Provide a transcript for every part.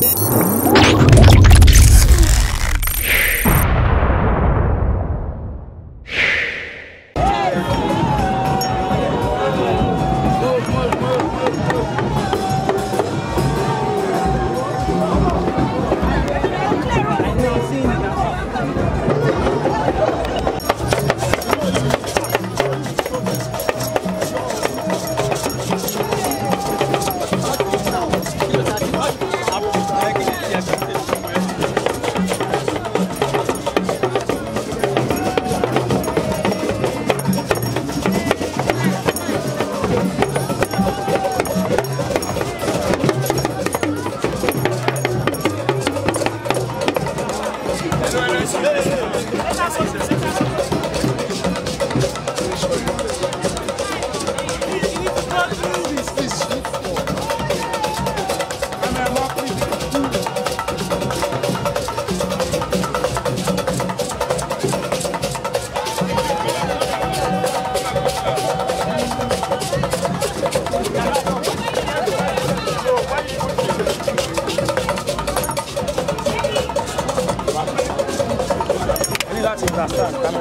Thank you.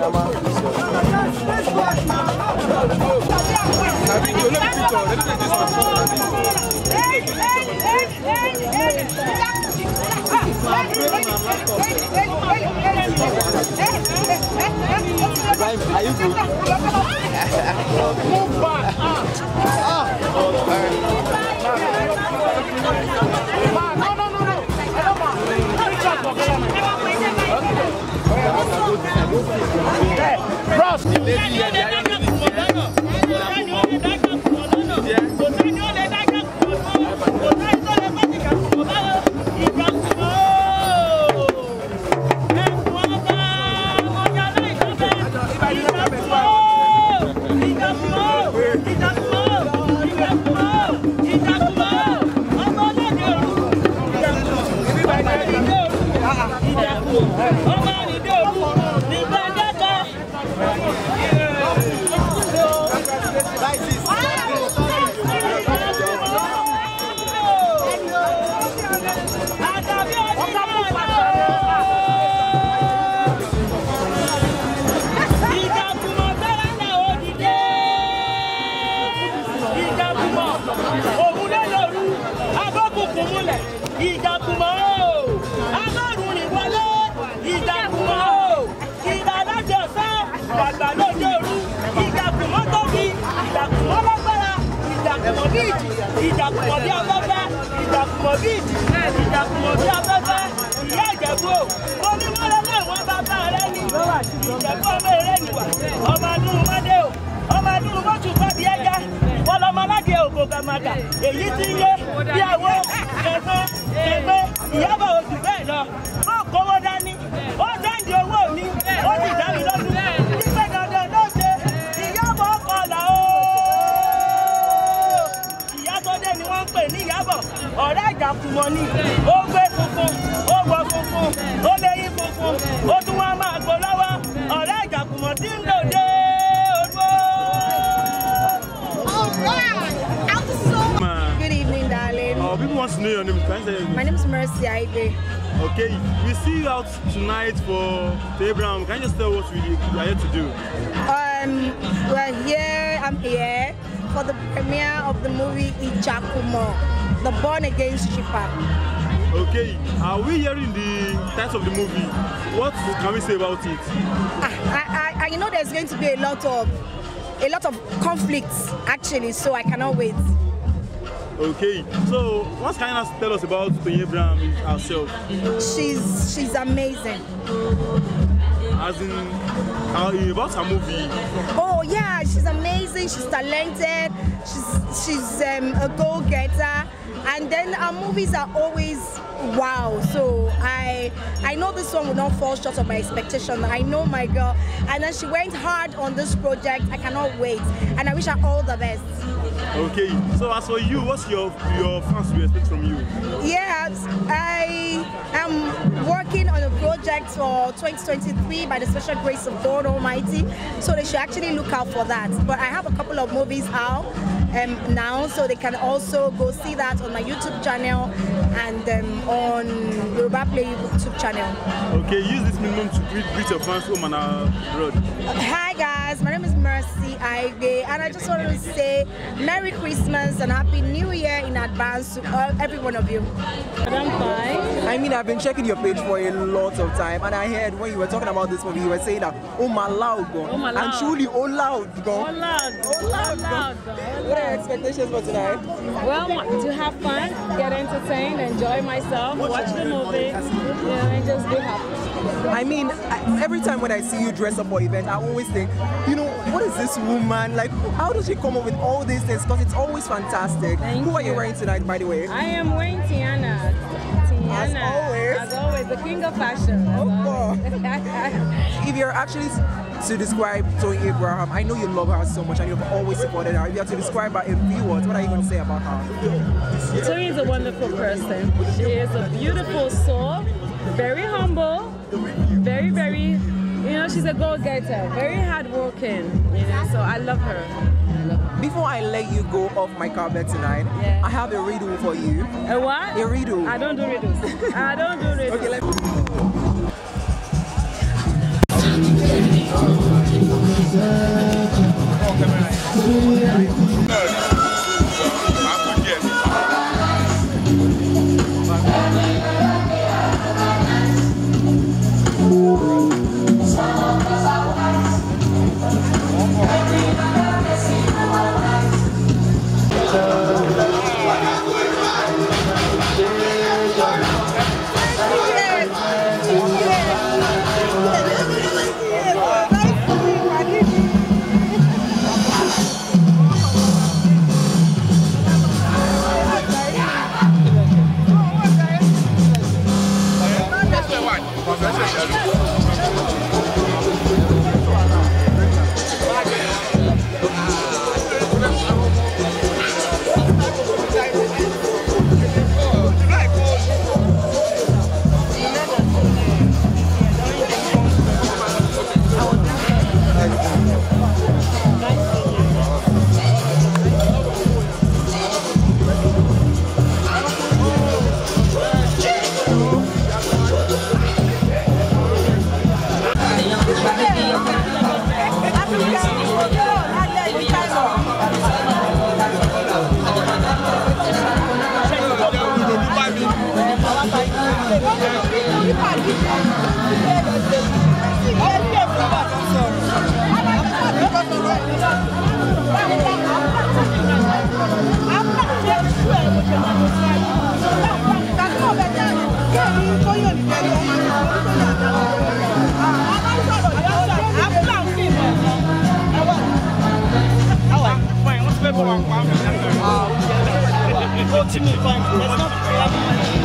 Are you good? Move back. cross. ìjì ìdàkùmọ̀ bí afẹ́fẹ́ ìdàkùmọ̀ bí ìjì ìdàkùmọ̀ bí afẹ́fẹ́ ìyá ìjẹ̀bú o ó ní mọ́lẹ́ náà wọ́n bá bá rẹ ní ìjẹ̀bú ọmọ eré nìwà ọmọ adúrú mọ́dé o ọmọ adúrú mọ́tò fàbí ẹ̀jẹ̀ wọn lọ́mọ alágẹ̀ ògò gàmàgà èyí ti yé bí àwọn kẹfẹ́ kẹfẹ́ ìyábọ̀ oṣù bẹ́ẹ̀ lọ ni ó gbé funfun ó wọ funfun ó léyìn funfun ó tún wá máa gbó lọ́wọ́ ọ̀rẹ́ ìjàkùmọ̀ tí ń lòdè odò. Oh, Good evening, darling. Uh, people want to know your name. Can I say your name? My name is Mercy Aigbe. Okay, we see you out tonight for the Abraham. Can you just tell what we are here to do? Um, we're here, I'm here for the premiere of the movie Ijakumo the born again shipper. Okay, are we hearing the title of the movie? What can we say about it? Ah, I, I, I know there's going to be a lot of a lot of conflicts actually, so I cannot wait. Okay, so what can you tell us about Tony Abraham herself? She's she's amazing. As in uh, about her movie. Oh yeah, she's amazing. She's talented. She's she's um, a go-getter. And then our movies are always wow. So I I know this one will not fall short of my expectation. I know my girl. And then she went hard on this project. I cannot wait. And I wish her all the best. Okay. So as for you, what's your your fans will expect from you? Yes, I am working on a project for 2023 by the special grace of God. Almighty. So they should actually look out for that. But I have a couple of movies out um, now, so they can also go see that on my YouTube channel and um, on Yoruba Play YouTube channel. Okay, use this minimum to greet, greet your fans home and abroad. Hi guys guys. My name is Mercy Aigbe, and I just want to say Merry Christmas and Happy New Year in advance to all, every one of you. i mean, I've been checking your page for a lot of time, and I heard when you were talking about this movie, you were saying that, oh my loud God. Oh my And truly, oh loud God. Oh loud. Oh loud. Oh loud. What are your expectations for tonight? Well, to have fun, get entertained, enjoy myself, watch the movie, yeah, and just be happy. I mean, I, every time when I see you dress up for events, I always think, you know, what is this woman? Like, how does she come up with all these things? Because it's always fantastic. Thank Who you. are you wearing tonight, by the way? I am wearing Tiana. Tiana. As always. As always, the king of fashion. oh, always. if you're actually to describe Tony Abraham, I know you love her so much and you've always supported her. If you have to describe her in few words, what are you going to say about her? Tony is a wonderful person. She is a beautiful soul, very humble, very, very you know, she's a go-getter, very hardworking. You know, so I love her. Before I let you go off my carpet tonight, yeah. I have a riddle for you. A what? A riddle. I don't do riddles. I don't do riddles. okay, let Oh, come on. Oh, to me, fine. That's not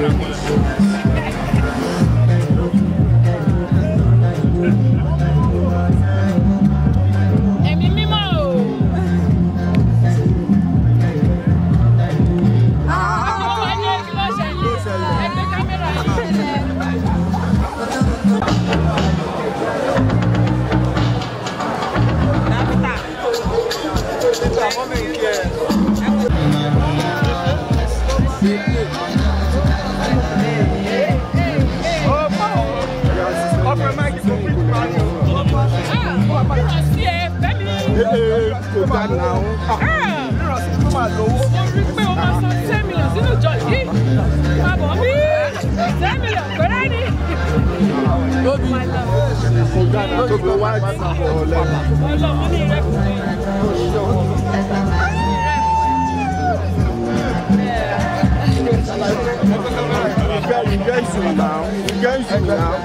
Gracias. kò dá náà. ìrọ̀sìn tó máa lówó. mo rí pé o máa san ten You guys, you guys, you guys, you guys,